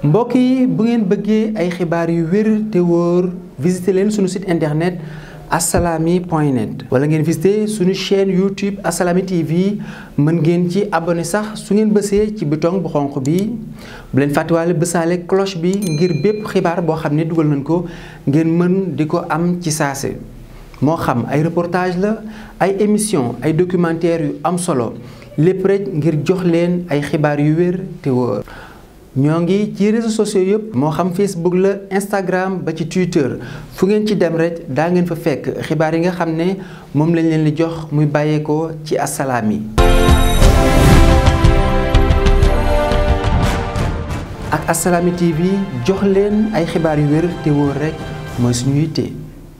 mbokk yi bu ngeen bëggee ay xibaar yu wér te wóor visité leen suñu site internet asalaami point net wala ngeen visité suñu chaîne YouTube asalaami TV mën ngeen ci abonné sax su ngeen bësee ci bouton bu xonq bi bu leen fàttewaale bësaale cloche bi ngir bépp xibaar boo xam ne dugal nañ ko ngeen mën di ko am ci saase moo xam ay reportage la ay émission ay documentaire yu am solo lépp rek ngir jox leen ay xibaar yu wér te wóor ñoo ngi ci réseaux sociaux yëpp moo xam Facebook la Instagram ba ci Twitter fu ngeen ci dem rek daa ngeen fa fekk xibaar yi nga xam ne moom lañ leen di jox muy bàyyeekoo ci assalaami ak Assalaamy TV jox leen ay xibaar yu wér te wóor rek mooy suñu yitte